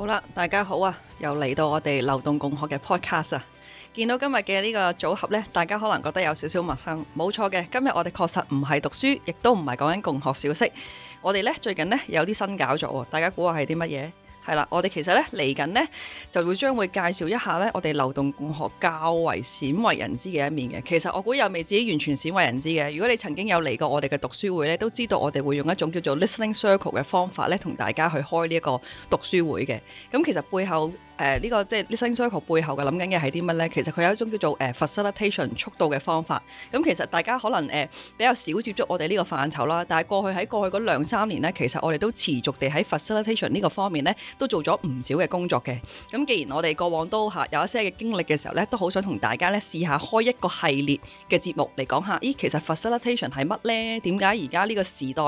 好啦，大家好啊，又嚟到我哋流動共學嘅 podcast 啊！見到今日嘅呢個組合呢，大家可能覺得有少少陌生。冇錯嘅，今日我哋確實唔係讀書，亦都唔係講緊共學小息。我哋呢，最近呢，有啲新搞作，大家估下係啲乜嘢？係啦，我哋其實咧嚟緊咧就會將會介紹一下咧，我哋流動共學較為鮮為人知嘅一面嘅。其實我估又未至於完全鮮為人知嘅。如果你曾經有嚟過我哋嘅讀書會咧，都知道我哋會用一種叫做 Listening Circle 嘅方法咧，同大家去開呢一個讀書會嘅。咁其實背後。誒呢、呃這個即係流動共學背後嘅諗緊嘅係啲乜呢？其實佢有一種叫做誒、呃、facilitation 促導嘅方法。咁、嗯、其實大家可能誒、呃、比較少接觸我哋呢個範疇啦。但係過去喺過去嗰兩三年呢，其實我哋都持續地喺 facilitation 呢個方面呢都做咗唔少嘅工作嘅。咁、嗯、既然我哋過往都嚇有一些嘅經歷嘅時候呢，都好想同大家呢試下開一個系列嘅節目嚟講下，咦其實 facilitation 係乜呢？點解而家呢個時代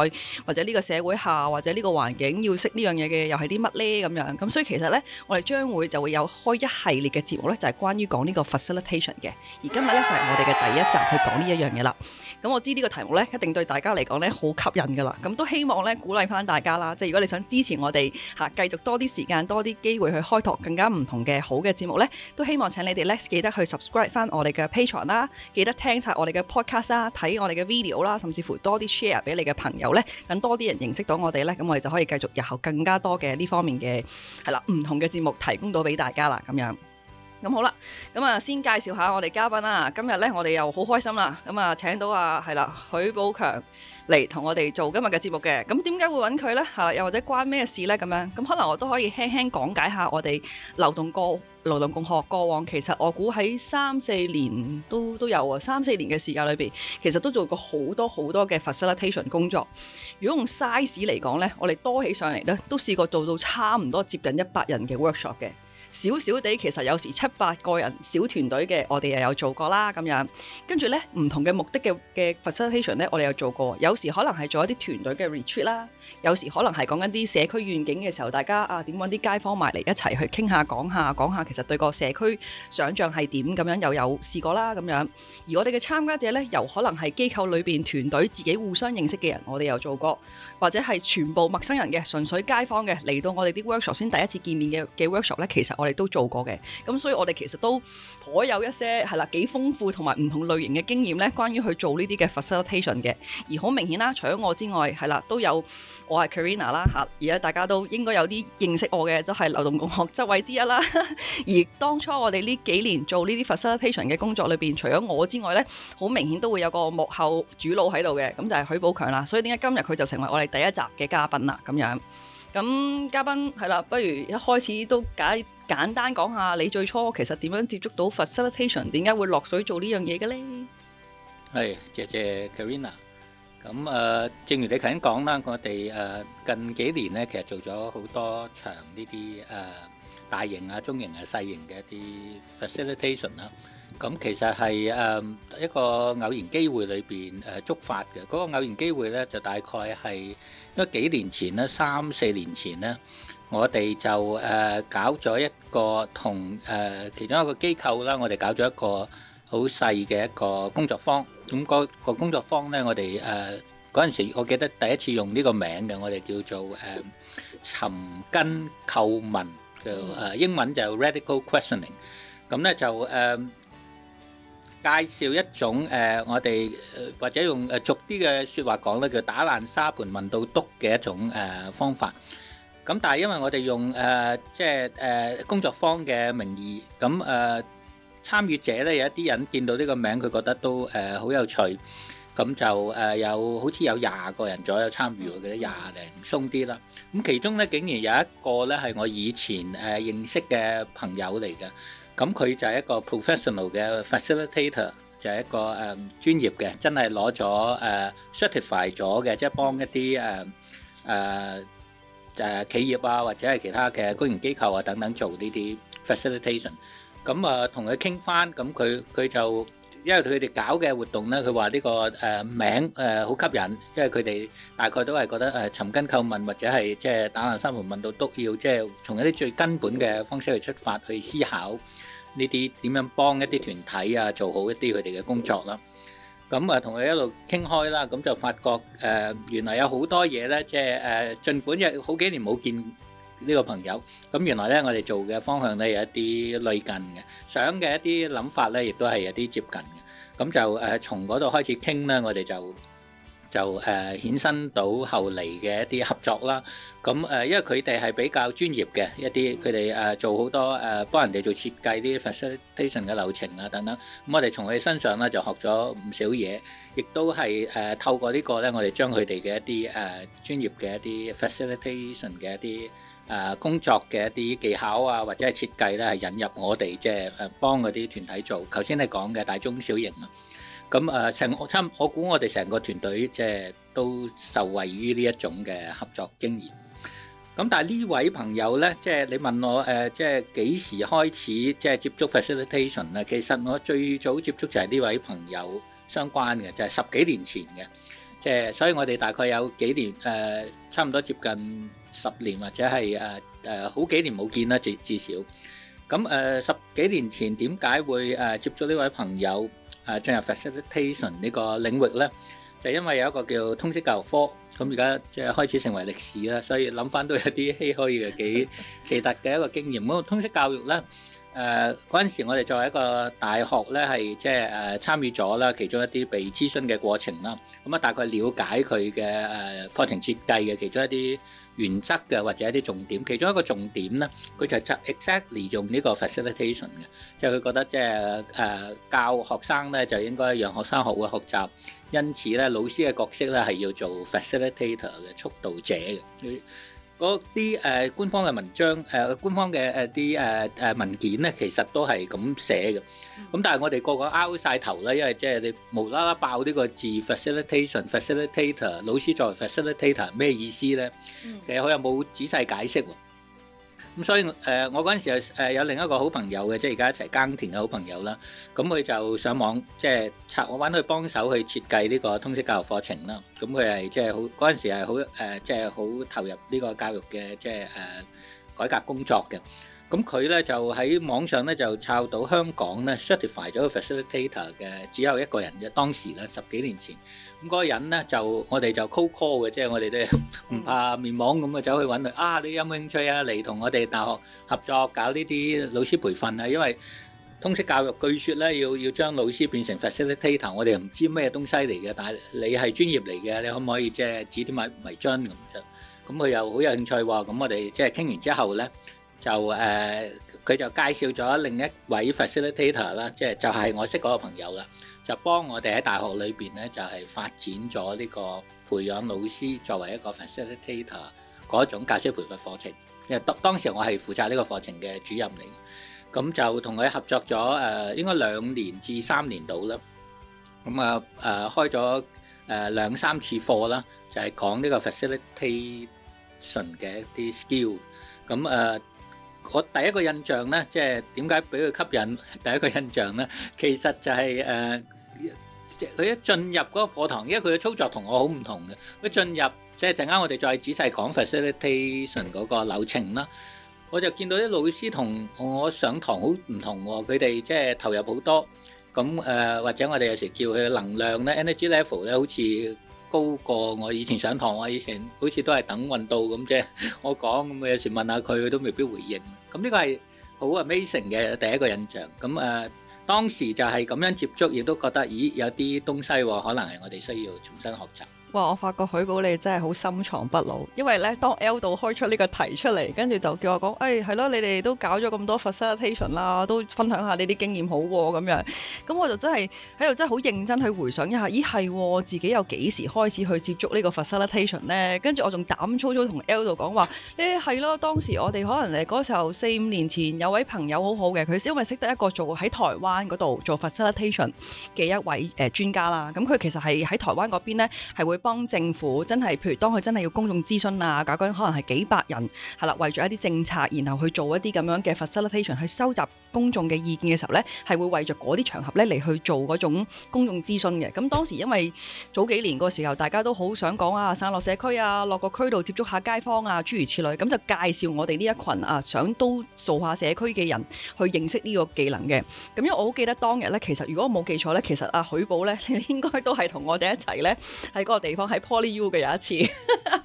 或者呢個社會下或者呢個環境要識呢樣嘢嘅又係啲乜呢？咁樣咁、嗯、所以其實呢，我哋將會佢就會有開一系列嘅節目咧，就係關於講呢個 facilitation 嘅，而今日咧就係我哋嘅第一集去講呢一樣嘢啦。咁我知呢個題目呢，一定對大家嚟講呢，好吸引噶啦。咁都希望呢，鼓勵翻大家啦，即係如果你想支持我哋嚇，繼續多啲時間、多啲機會去開拓更加唔同嘅好嘅節目呢，都希望請你哋 let's 記得去 subscribe 翻我哋嘅 Patreon 啦，記得聽晒我哋嘅 podcast 啦，睇我哋嘅 video 啦，甚至乎多啲 share 俾你嘅朋友呢。等多啲人認識到我哋呢，咁我哋就可以繼續日後更加多嘅呢方面嘅係啦，唔同嘅節目提供到俾大家啦，咁樣。咁好啦，咁啊先介紹下我哋嘉賓啦。今日呢，我哋又好開心啦，咁啊請到啊係啦許寶強嚟同我哋做今日嘅節目嘅。咁點解會揾佢呢？嚇、啊，又或者關咩事呢？咁樣，咁可能我都可以輕輕講解下我哋流動過流動共學過往。其實我估喺三四年都都有啊，三四年嘅時間裏邊，其實都做過好多好多嘅 facilitation 工作。如果用 size 嚟講呢，我哋多起上嚟呢，都試過做到差唔多接近一百人嘅 workshop 嘅。少少地其實有時七八個人小團隊嘅，我哋又有做過啦咁樣。跟住呢，唔同嘅目的嘅嘅 facilitation 呢，我哋有做過。有時可能係做一啲團隊嘅 retreat 啦，有時可能係講緊啲社區願景嘅時候，大家啊點揾啲街坊埋嚟一齊去傾下講下講下，其實對個社區想像係點咁樣又有試過啦咁樣。而我哋嘅參加者呢，由可能係機構裏邊團隊自己互相認識嘅人，我哋有做過，或者係全部陌生人嘅純粹街坊嘅嚟到我哋啲 workshop 先第一次見面嘅嘅 workshop 呢，其實。我哋都做過嘅，咁所以我哋其實都頗有一些係啦，幾豐富同埋唔同類型嘅經驗咧，關於去做呢啲嘅 facilitation 嘅。而好明顯啦，除咗我之外，係啦，都有我係 Karina 啦，嚇、啊，而家大家都應該有啲認識我嘅，就係、是、流動共學執委之一啦。 而當初我哋呢幾年做呢啲 facilitation 嘅工作裏邊，除咗我之外咧，好明顯都會有個幕後主腦喺度嘅，咁就係許寶強啦。所以點解今日佢就成為我哋第一集嘅嘉賓啦？咁樣。咁嘉賓係啦，不如一開始都解簡單講下你最初其實點樣接觸到 facilitation，點解會落水做呢樣嘢嘅咧？係、哎，謝謝 Karina。咁啊、嗯呃，正如你頭先講啦，我哋誒、呃、近幾年咧，其實做咗好多場呢啲誒大型啊、中型啊、細型嘅一啲 facilitation 啦、啊。咁其實係誒一個偶然機會裏邊誒觸發嘅。嗰個偶然機會呢，就大概係因為幾年前咧，三四年前咧，我哋就誒搞咗一個同誒其中一個機構啦，我哋搞咗一個好細嘅一個工作坊。咁嗰個工作坊呢，我哋誒嗰陣時，我記得第一次用呢個名嘅，我哋叫做誒尋根叩問，就誒英文就 radical questioning。咁呢就誒。介紹一種誒、呃，我哋或者用誒俗啲嘅説話講咧，叫打爛沙盤問到篤嘅一種誒、呃、方法。咁但係因為我哋用誒、呃、即係誒、呃、工作坊嘅名義，咁誒參與者咧有一啲人見到呢個名，佢覺得都誒好、呃、有趣。咁、嗯、就誒、呃、有好似有廿個人左右參與，我記得廿零鬆啲啦。咁、嗯、其中咧竟然有一個咧係我以前誒認識嘅朋友嚟嘅。咁佢就係一個 professional 嘅 facilitator，就係一個誒、um，專業嘅，真係攞咗誒 certified 咗嘅，即係幫一啲誒誒誒企業啊，或者係其他嘅公營機構啊等等做呢啲 facilitation。咁、嗯、啊，同佢傾翻，咁佢佢就。因為佢哋搞嘅活動咧，佢話呢個誒名誒好吸引，因為佢哋大概都係覺得誒尋根叩問或者係即係打爛沙盆問到都要，即係從一啲最根本嘅方式去出發去思考，呢啲點樣幫一啲團體啊做好一啲佢哋嘅工作啦。咁啊同佢一路傾開啦，咁就發覺誒原來有好多嘢咧，即係誒儘管有好幾年冇見。呢個朋友咁原來咧，我哋做嘅方向咧有一啲類近嘅，想嘅一啲諗法咧，亦都係有啲接近嘅。咁就誒從嗰度開始傾咧，我哋就就誒、呃、衍生到後嚟嘅一啲合作啦。咁誒、呃，因為佢哋係比較專業嘅一啲，佢哋誒做好多誒幫、呃、人哋做設計啲 facilitation 嘅流程啊等等。咁、呃嗯、我哋從佢身上咧就學咗唔少嘢，亦都係誒透過呢個咧，我哋將佢哋嘅一啲誒專業嘅一啲 facilitation 嘅一啲。誒、呃、工作嘅一啲技巧啊，或者係設計咧，係引入我哋即係誒幫嗰啲團體做。頭先你講嘅大中小型啊，咁誒成我差我估我哋成個團隊即係都受惠於呢一種嘅合作經驗。咁但係呢位朋友咧，即係你問我誒、呃，即係幾時開始即係接觸 facilitation 咧？其實我最早接觸就係呢位朋友相關嘅，就係、是、十幾年前嘅。即係所以我哋大概有幾年誒、呃，差唔多接近。十年或者係誒誒好幾年冇見啦，至至少咁誒十幾年前，點解會誒接觸呢位朋友誒進入 facilitation 呢個領域咧？就因為有一個叫通識教育科咁，而家即係開始成為歷史啦，所以諗返都有啲唏噓嘅，幾奇特嘅一個經驗咁。通識教育咧誒嗰陣時，我哋作為一個大學咧，係即係誒參與咗啦其中一啲被諮詢嘅過程啦，咁啊大概了解佢嘅誒課程設計嘅其中一啲。原則嘅或者一啲重點，其中一個重點咧，佢就係 exactly 用呢個 facilitation 嘅，就係佢覺得即係誒教學生咧，就應該讓學生學會學習，因此咧老師嘅角色咧係要做 facilitator 嘅促導者嘅。嗰啲誒官方嘅文章，誒官方嘅一啲誒誒文件咧，其實都係咁寫嘅。咁、嗯、但係我哋個個拗晒頭啦，因為即係你無啦啦爆呢個字 facilitation facilitator 老師作為 facilitator 咩意思咧？嗯、其實佢又冇仔細解釋。咁、嗯、所以誒、呃，我嗰陣時係、呃、有另一個好朋友嘅，即係而家一齊耕田嘅好朋友啦。咁、嗯、佢就上網即係拆我揾佢幫手去設計呢個通識教育課程啦。咁佢係即係好嗰陣時係好誒，即係好、呃、投入呢個教育嘅即係誒、呃、改革工作嘅。咁佢咧就喺網上咧就抄到香港咧 certify 咗個 facilitator 嘅，只有一個人嘅，當時咧十幾年前，咁、那、嗰個人咧就我哋就 cold call 嘅，即係我哋都唔怕面網咁啊走去揾佢。啊，你有冇興趣啊？嚟同我哋大學合作搞呢啲老師培訓啊？因為通識教育據說咧要要將老師變成 facilitator，我哋又唔知咩東西嚟嘅，但係你係專業嚟嘅，你可唔可以即係指點埋迷津咁，咁佢又好有興趣喎、啊。咁我哋即係傾完之後咧。就誒，佢就介紹咗另一位 facilitator 啦，即係就係我識嗰個朋友啦，就幫我哋喺大學裏邊咧，就係發展咗呢個培養老師作為一個 facilitator 嗰種教師培訓課程。因為當當時我係負責呢個課程嘅主任嚟，咁就同佢合作咗誒，應該兩年至三年度啦。咁啊誒，開咗誒兩三次課啦，就係講呢個 facilitation 嘅一啲 skill。咁誒。我第一個印象呢，即係點解俾佢吸引？第一個印象呢，其實就係、是、誒，佢、呃、一進入嗰個課堂，因為佢嘅操作我同我好唔同嘅。佢進入即係陣間，我哋再仔細講講 facilitation 嗰個流程啦。我就見到啲老師同我上堂好唔同喎，佢哋即係投入好多咁誒、呃，或者我哋有時叫佢嘅能量咧，energy level 咧，好似，高過我以前上堂，啊，以前好似都係等運到咁啫。 我講咁，我有時問下佢，佢都未必回應。咁呢個係好 amazing 嘅第一個印象。咁誒、呃，當時就係咁樣接觸，亦都覺得咦，有啲東西喎，可能係我哋需要重新學習。哇！我發覺許寶你真係好深藏不露，因為咧，當 L 度開出呢個題出嚟，跟住就叫我講，誒係咯，你哋都搞咗咁多 facilitation 啦，都分享下你啲經驗好喎、哦、咁樣。咁我就真係喺度真係好認真去回想一下，咦係，自己又幾時開始去接觸呢個 facilitation 咧？跟住我仲膽粗粗同 L 度講話，誒係咯，當時我哋可能誒嗰時候四五年前有位朋友好好嘅，佢先咪識得一個做喺台灣嗰度做 facilitation 嘅一位誒專、呃、家啦。咁佢其實係喺台灣嗰邊咧係會。幫政府真係，譬如當佢真係要公眾諮詢啊，搞緊可能係幾百人，係啦，為咗一啲政策，然後去做一啲咁樣嘅 facilitation，去收集公眾嘅意見嘅時候呢，係會為咗嗰啲場合呢嚟去做嗰種公眾諮詢嘅。咁當時因為早幾年個時候，大家都好想講啊，散落社區啊，落個區度接觸下街坊啊，諸如此類，咁就介紹我哋呢一群啊，想都做下社區嘅人去認識呢個技能嘅。咁因為我好記得當日呢，其實如果我冇記錯呢，其實阿、啊、許寶呢，應該都係同我哋一齊呢。喺嗰個地地方喺 Poly U 嘅有一次，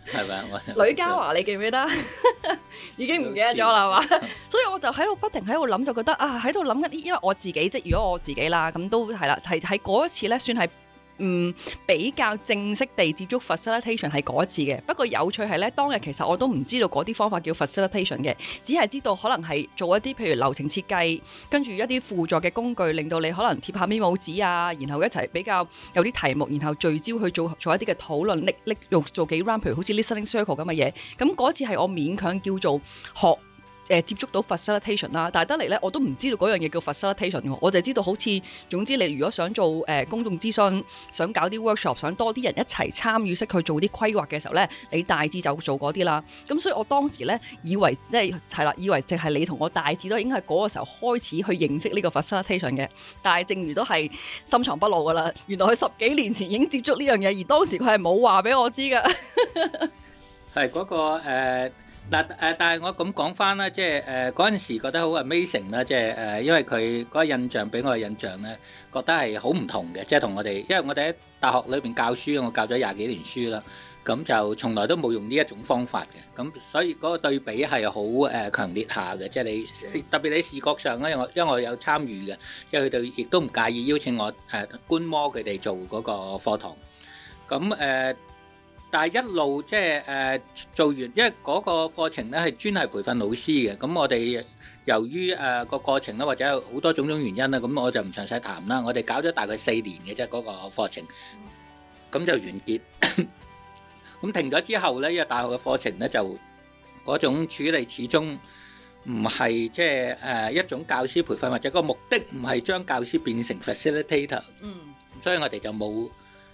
係咪啊？呂嘉華， 你記唔記得？ 已經唔記得咗啦，係嘛？所以我就喺度不停喺度諗，就覺得啊，喺度諗一啲，因為我自己即係如果我自己啦，咁都係啦，係喺嗰一次咧，算係。嗯，比較正式地接觸 facilitation 係嗰一次嘅。不過有趣係呢，當日其實我都唔知道嗰啲方法叫 facilitation 嘅，只係知道可能係做一啲譬如流程設計，跟住一啲輔助嘅工具，令到你可能貼下 memo 紙啊，然後一齊比較有啲題目，然後聚焦去做做一啲嘅討論，搦搦用做幾 round，譬如好似 listening circle 咁嘅嘢。咁、嗯、嗰次係我勉強叫做學。誒接觸到 facilitation 啦，但係得嚟呢，我都唔知道嗰樣嘢叫 facilitation。我就知道好似總之你如果想做誒、呃、公眾諮詢，想搞啲 workshop，想多啲人一齊參與式去做啲規劃嘅時候呢，你大致就做嗰啲啦。咁所以我當時呢，以為即係係啦，以為淨係你同我大致都已經係嗰個時候開始去認識呢個 facilitation 嘅。但係正如都係深藏不露噶啦，原來佢十幾年前已經接觸呢樣嘢，而當時佢係冇話俾我知㗎。 係、那、嗰個、uh 嗱誒，但係我咁講翻啦，即係誒嗰陣時覺得好 amazing 啦，即係誒，因為佢嗰印象俾我嘅印象咧，覺得係好唔同嘅，即係同我哋，因為我哋喺大學裏邊教書，我教咗廿幾年書啦，咁就從來都冇用呢一種方法嘅，咁所以嗰個對比係好誒強烈下嘅，即係你特別你視覺上咧，因為我因為我有參與嘅，即係佢哋亦都唔介意邀請我誒、呃、觀摩佢哋做嗰個課堂，咁誒。呃但係一路即係誒做完，因為嗰個課程咧係專係培訓老師嘅。咁我哋由於誒個、呃、過程咧，或者有好多種種原因啦，咁我就唔詳細談啦。我哋搞咗大概四年嘅啫，嗰、嗰個課程，咁就完結。咁、 嗯、停咗之後咧，因為大學嘅課程咧就嗰種處理始終唔係即係誒一種教師培訓，或者個目的唔係將教師變成 facilitator。嗯。所以我哋就冇。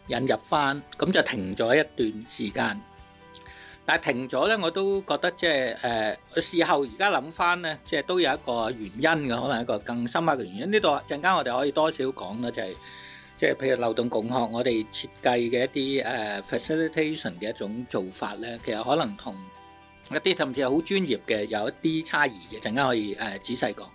引入翻，咁就停咗一段時間。但係停咗咧，我都覺得即係誒，事後而家諗翻咧，即係都有一個原因嘅，可能一個更深刻嘅原因。呢度陣間我哋可以多少講啦，就係即係譬如流動共學，我哋設計嘅一啲誒 facilitation 嘅一種做法咧，其實可能同一啲甚至係好專業嘅有一啲差異嘅。陣間可以誒仔細講。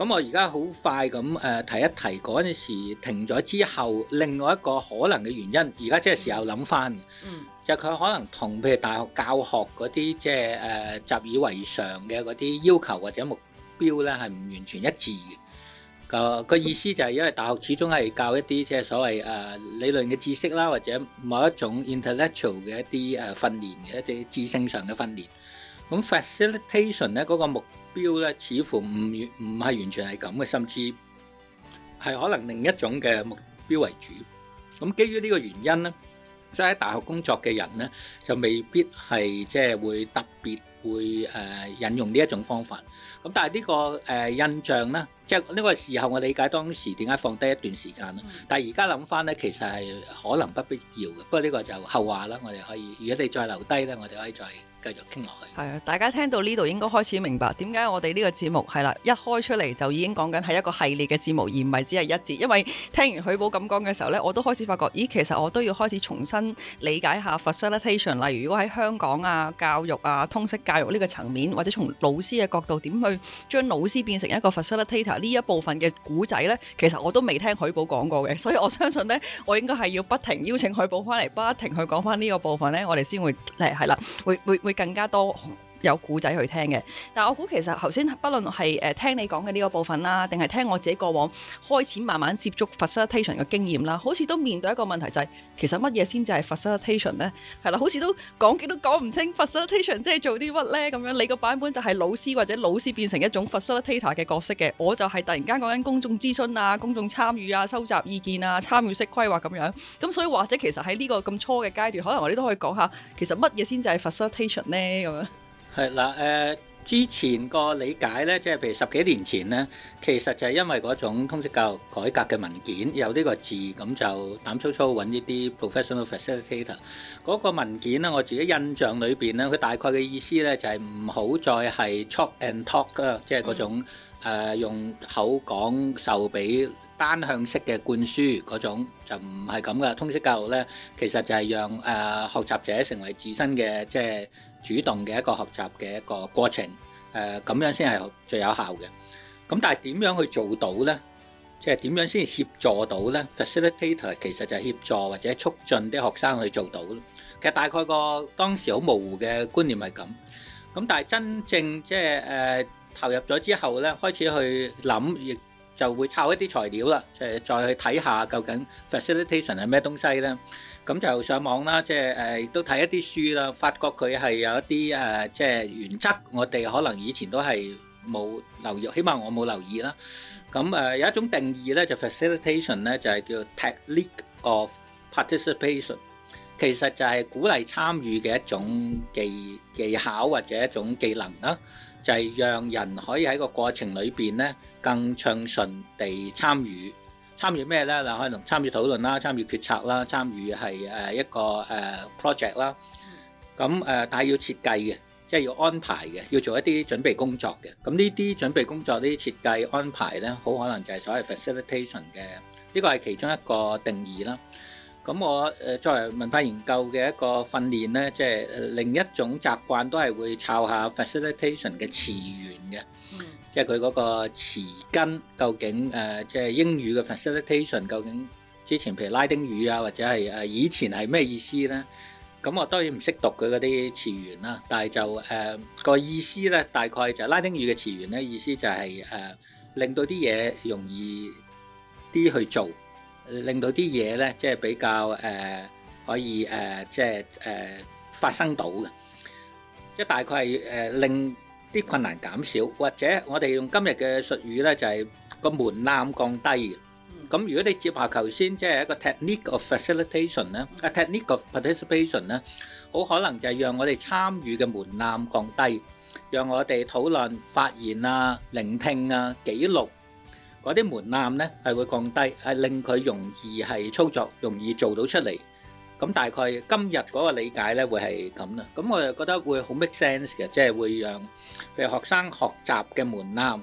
咁我而家好快咁誒提一提，嗰陣時停咗之後，另外一個可能嘅原因，而家即係時候諗翻嗯，就係佢可能同譬如大學教學嗰啲即係誒習以為常嘅嗰啲要求或者目標咧，係唔完全一致嘅。個意思就係因為大學始終係教一啲即係所謂誒理論嘅知識啦，或者某一種 intellectual 嘅一啲誒訓練嘅一啲知性上嘅訓練，咁 facilitation 咧個目。目標咧似乎唔唔係完全係咁嘅，甚至係可能另一種嘅目標為主。咁基於呢個原因咧，即係喺大學工作嘅人咧，就未必係即係會特別會誒、呃、引用呢一種方法。咁但係呢、呢個誒、呃、印象咧，即係呢個時候我理解當時點解放低一段時間啦。嗯、但係而家諗返咧，其實係可能不必要嘅。不過呢個就後話啦，我哋可以。如果你再留低咧，我哋可以再。繼續傾落去。係啊，大家聽到呢度應該開始明白點解我哋呢個節目係啦，一開出嚟就已經講緊係一個系列嘅節目，而唔係只係一節。因為聽完許寶咁講嘅時候呢，我都開始發覺，咦，其實我都要開始重新理解下 facilitation。例如，如果喺香港啊、教育啊、通識教育呢個層面，或者從老師嘅角度點去將老師變成一個 facilitator 呢一部分嘅古仔呢，其實我都未聽許寶講過嘅。所以我相信呢，我應該係要不停邀請許寶翻嚟，不停去講翻呢個部分呢，我哋先會誒係啦，會會會。會更加多。有故仔去聽嘅，但我估其實頭先，不論係誒聽你講嘅呢個部分啦，定係聽我自己過往開始慢慢接觸 facilitation 嘅經驗啦，好似都面對一個問題就係，其實乜嘢先至係 facilitation 呢？係啦，好似都講極都講唔清 facilitation 即係做啲乜呢？咁樣你個版本就係老師或者老師變成一種 facilitator 嘅角色嘅，我就係突然間講緊公眾諮詢啊、公眾參與啊、收集意見啊、參與式規劃咁樣。咁所以或者其實喺呢個咁初嘅階段，可能我哋都可以講下，其實乜嘢先至係 facilitation 呢？咁樣。係嗱，誒、呃、之前個理解咧，即係譬如十幾年前咧，其實就係因為嗰種通識教育改革嘅文件有呢個字，咁就膽粗粗揾呢啲 professional facilitator。嗰個文件咧，我自己印象裏邊咧，佢大概嘅意思咧就係唔好再係 chalk and talk 啦，即係嗰種用口講授俾單向式嘅灌輸嗰種，就唔係咁噶。通識教育咧，其實就係讓誒、呃、學習者成為自身嘅即係。主動嘅一個學習嘅一個過程，誒、呃、咁樣先係最有效嘅。咁但係點樣去做到呢？即係點樣先係協助到呢？Facilitator 其實就係協助或者促進啲學生去做到。其實大概個當時好模糊嘅觀念係咁。咁但係真正即係，呃，投入咗之後呢，開始去諗。就會抄一啲材料啦，即係再去睇下究竟 facilitation 係咩東西咧？咁就上網啦，即係誒都睇一啲書啦，發覺佢係有一啲誒即係原則，我哋可能以前都係冇留意，起碼我冇留意啦。咁誒有一種定義咧，就 facilitation 咧就係叫 technique of participation，其實就係鼓勵參與嘅一種技技巧或者一種技能啦，就係讓人可以喺個過程裏邊咧。更暢順地參與，參與咩呢？嗱，可能參與討論啦，參與決策啦，參與係誒一個誒 project 啦。咁誒，但係要設計嘅，即係要安排嘅，要做一啲準備工作嘅。咁呢啲準備工作、呢啲設計安排呢，好可能就係所謂 facilitation 嘅，呢個係其中一個定義啦。咁我誒作為文化研究嘅一個訓練呢，即係另一種習慣都係會抄下 facilitation 嘅詞源嘅。即係佢嗰個詞根究竟誒、呃，即係英語嘅 facilitation 究竟之前譬如拉丁語啊，或者係誒以前係咩意思咧？咁、嗯、我當然唔識讀佢嗰啲詞源啦，但係就誒、呃、那個意思咧，大概就是、拉丁語嘅詞源咧，意思就係、是、誒、呃、令到啲嘢容易啲去做，令到啲嘢咧即係比較誒、呃、可以誒、呃、即係誒、呃、發生到嘅，即係大概係誒、呃、令，啲困難減少，或者我哋用今日嘅術語咧，就係個門檻降低嘅。咁如果你接下頭先，即係一個 technique of facilitation 咧，a technique of participation 咧，好可能就係讓我哋參與嘅門檻降低，讓我哋討論、發言啊、聆聽啊、記錄嗰啲門檻咧，係會降低，係令佢容易係操作，容易做到出嚟。咁大概今日嗰個理解咧，會係咁啦，咁我就覺得會好 make sense 嘅，即係會讓譬如學生學習嘅門檻，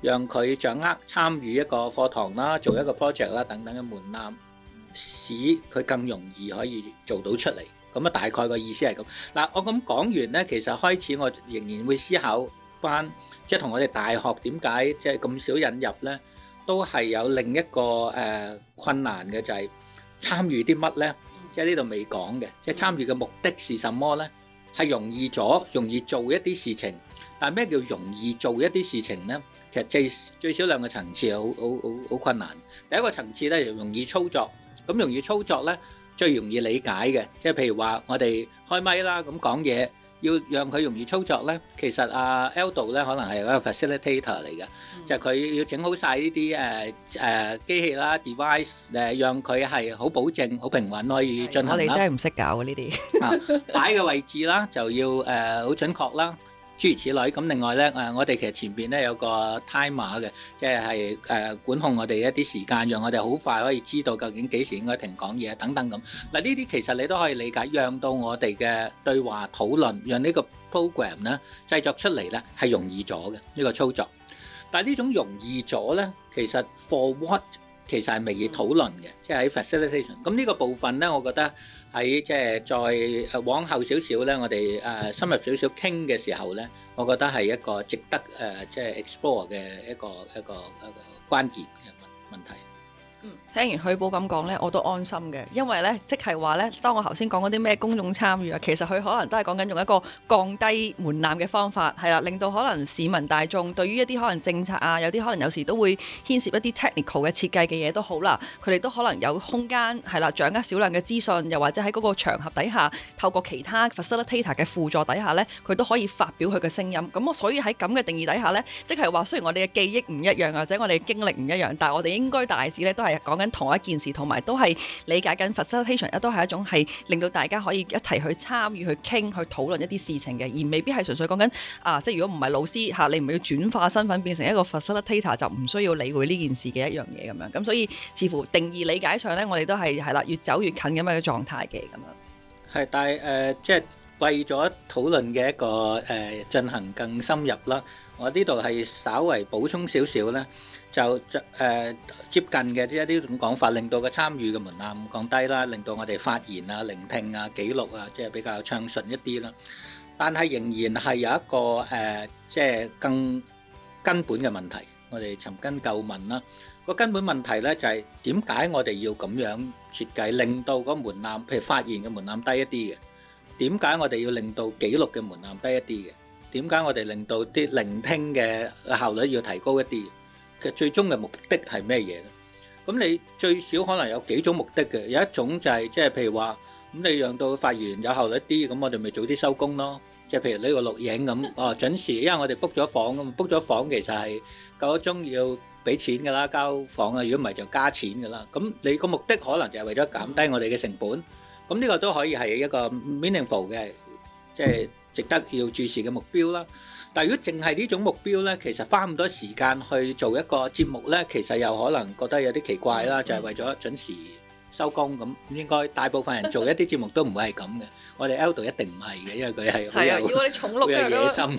讓佢掌握參與一個課堂啦、做一個 project 啦等等嘅門檻，使佢更容易可以做到出嚟。咁啊，大概個意思係咁。嗱，我咁講完咧，其實開始我仍然會思考翻，即係同我哋大學點解即係咁少引入咧，都係有另一個誒困難嘅，就係參與啲乜咧？即係呢度未講嘅，即係參與嘅目的是什麼呢？係容易咗，容易做一啲事情。但係咩叫容易做一啲事情呢？其實最最少兩個層次係好好困難。第一個層次咧，就容易操作，咁容易操作咧，最容易理解嘅，即係譬如話我哋開麥啦咁講嘢。要讓佢容易操作咧，其實阿、啊、Eldo 咧可能係一個 facilitator 嚟嘅，嗯、就係佢要整好晒呢啲誒誒機器啦 device，誒讓佢係好保證、好平穩可以進行。我哋真係唔識搞呢啲擺嘅位置啦，就要誒好、呃、準確啦。諸如此類，咁另外呢，誒、呃、我哋其實前邊呢有個 timer 嘅，即係係誒管控我哋一啲時間，讓我哋好快可以知道究竟幾時應該停講嘢等等咁。嗱呢啲其實你都可以理解，讓到我哋嘅對話討論，讓呢個 program 呢製作出嚟呢係容易咗嘅呢個操作。但係呢種容易咗呢，其實 for what？其實係未熱討論嘅，即係喺 facilitation。咁呢個部分咧，我覺得喺即係再往後少少咧，我哋誒深入少少傾嘅時候咧，我覺得係一個值得誒即係 explore 嘅一個一個一個關鍵嘅問問題。聽完許寶咁講呢，我都安心嘅，因為呢即係話呢，當我頭先講嗰啲咩公眾參與啊，其實佢可能都係講緊用一個降低門檻嘅方法，係啦，令到可能市民大眾對於一啲可能政策啊，有啲可能有時都會牽涉一啲 technical 嘅設計嘅嘢都好啦，佢哋都可能有空間係啦，掌握少量嘅資訊，又或者喺嗰個場合底下，透過其他 facilitator 嘅輔助底下呢，佢都可以發表佢嘅聲音。咁我所以喺咁嘅定義底下呢，即係話雖然我哋嘅記憶唔一樣，或者我哋經歷唔一樣，但係我哋應該大致呢都係講緊。同一件事，同埋都係理解緊 facilitation，都係一種係令到大家可以一齊去參與、去傾、去討論一啲事情嘅，而未必係純粹講緊啊！即係如果唔係老師吓，你唔係要轉化身份變成一個 facilitator，就唔需要理會呢件事嘅一樣嘢咁樣。咁、嗯、所以似乎定義理解上呢，我哋都係係啦，越走越近咁樣嘅狀態嘅咁樣。係，但係、呃、即係為咗討論嘅一個誒進、呃、行更深入啦，我呢度係稍為補充少少啦。就誒、呃、接近嘅一啲種講法，令到個參與嘅門檻降低啦，令到我哋發言啊、聆聽啊、記錄啊，即係比較暢順一啲啦。但係仍然係有一個誒、呃，即係更根本嘅問題，我哋尋根究問啦。個根本問題呢，就係點解我哋要咁樣設計，令到個門檻譬如發言嘅門檻低一啲嘅？點解我哋要令到記錄嘅門檻低一啲嘅？點解我哋令到啲聆聽嘅效率要提高一啲？最終嘅目的係咩嘢咧？咁你最少可能有幾種目的嘅，有一種就係、是、即係譬如話咁，你讓到發言有效率啲，咁我哋咪早啲收工咯。即係譬如你個錄影咁啊、哦，準時，因為我哋 book 咗房咁，book 咗房其實係夠咗鐘要俾錢噶啦，交房啊，如果唔係就加錢噶啦。咁你個目的可能就係為咗減低我哋嘅成本。咁呢個都可以係一個 meaningful 嘅，即係。值得要注視嘅目標啦，但係如果淨係呢種目標咧，其實花咁多時間去做一個節目咧，其實又可能覺得有啲奇怪啦，就係為咗準時收工咁。應該大部分人做一啲節目都唔會係咁嘅，我哋 Eldo 一定唔係嘅，因為佢係好有野心。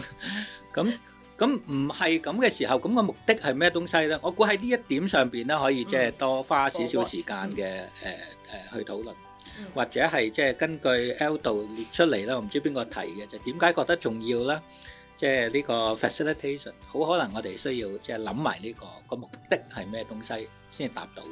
咁咁唔係咁嘅時候，咁個目的係咩東西咧？我估喺呢一點上邊咧，可以即係多花少少時間嘅誒誒去討論，或者係即係根據 l 度列出嚟啦，我唔知邊個提嘅就點解覺得重要啦？即係呢個 facilitation，好可能我哋需要即係諗埋呢個個目的係咩東西先至達到。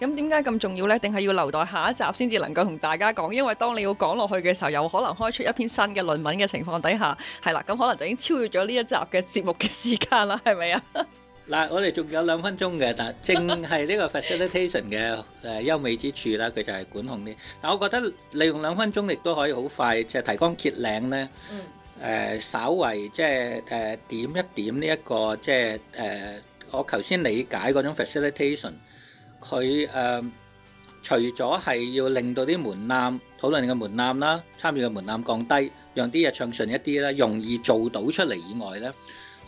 咁點解咁重要咧？定係要留待下一集先至能夠同大家講？因為當你要講落去嘅時候，有可能開出一篇新嘅論文嘅情況底下，係啦，咁可能就已經超越咗呢一集嘅節目嘅時間啦，係咪啊？ 嗱，我哋仲有兩分鐘嘅，但正係呢個 facilitation 嘅誒、呃、優美之處啦，佢就係管控啲。但我覺得利用兩分鐘亦都可以好快，就係、提供揭領咧。嗯、呃。稍為即係誒點一點呢、呢、一個即係誒，我頭先理解嗰種 facilitation，佢誒、呃、除咗係要令到啲門檻討論嘅門檻啦，參與嘅門檻降低，讓啲嘢暢順一啲啦，容易做到出嚟以外咧。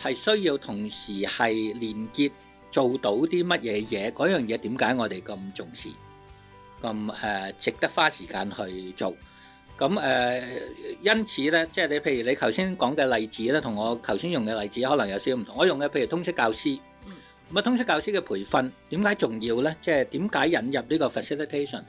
係需要同時係連結做到啲乜嘢嘢，嗰樣嘢點解我哋咁重視、咁誒、呃、值得花時間去做？咁誒、呃，因此咧，即係你譬如你頭先講嘅例子咧，同我頭先用嘅例子可能有少少唔同。我用嘅譬如通識教師，咁啊、嗯、通識教師嘅培訓點解重要咧？即係點解引入呢個 facilitation，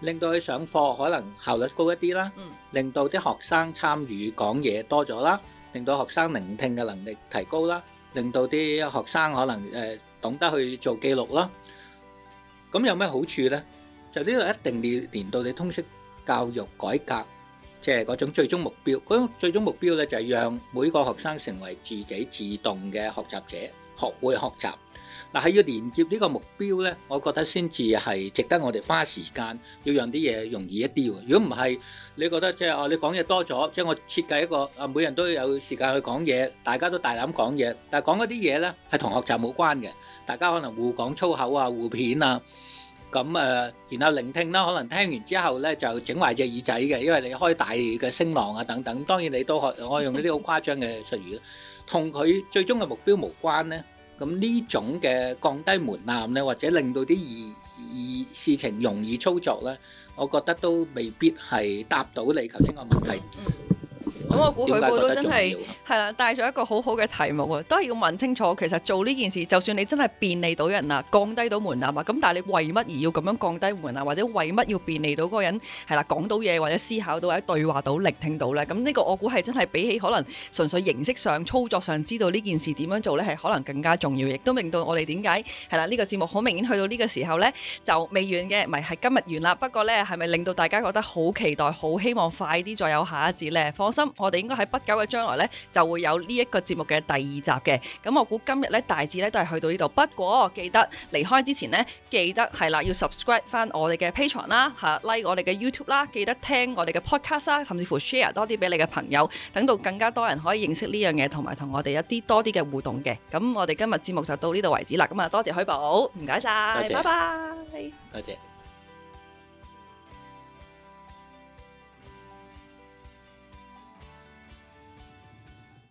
令到佢上課可能效率高一啲啦，嗯、令到啲學生參與講嘢多咗啦。令到學生聆聽嘅能力提高啦，令到啲學生可能誒懂得去做記錄啦。咁有咩好處呢？就呢個一定要連到你通識教育改革，即係嗰種最終目標。嗰種最終目標呢，就係讓每個學生成為自己自動嘅學習者，學會學習。嗱，喺要連接呢個目標呢，我覺得先至係值得我哋花時間，要讓啲嘢容易一啲喎。如果唔係，你覺得即係啊，你講嘢多咗，即係我設計一個啊，每人都有時間去講嘢，大家都大膽講嘢，但係講嗰啲嘢呢，係同學習冇關嘅，大家可能互講粗口啊、互片啊，咁誒、呃，然後聆聽啦，可能聽完之後呢，就整壞隻耳仔嘅，因為你開大嘅聲浪啊等等。咁當然你都學我用呢啲好誇張嘅術語，同佢 最終嘅目標無關呢。咁呢種嘅降低門檻咧，或者令到啲易易事情容易操作咧，我覺得都未必係答到你頭先個問題。嗯咁、嗯、我估佢都真係，係啦，帶咗一個好好嘅題目啊！都係要問清楚，其實做呢件事，就算你真係便利到人啊，降低到門檻啊，咁但係你為乜而要咁樣降低門檻，或者為乜要便利到嗰個人係啦，講到嘢或者思考到或者對話到聆聽到咧？咁呢個我估係真係比起可能純粹形式上操作上知道呢件事點樣做咧，係可能更加重要，亦都令到我哋點解係啦？呢、呢個節目好明顯去到呢個時候咧，就未完嘅，唔係係今日完啦。不過咧，係咪令到大家覺得好期待、好希望快啲再有下一節咧？放心。我哋應該喺不久嘅將來呢，就會有呢一個節目嘅第二集嘅。咁我估今日呢大致呢都係去到呢度。不過記得離開之前呢，記得係啦，要 subscribe 翻我哋嘅 Patreon 啦，嚇 like 我哋嘅 YouTube 啦、啊，記得聽我哋嘅 podcast 啦、啊，甚至乎 share 多啲俾你嘅朋友，等到更加多人可以認識呢樣嘢，同埋同我哋一啲多啲嘅互動嘅。咁我哋今日節目就到呢度為止啦。咁啊，多謝許寶，唔該晒，拜拜。多謝。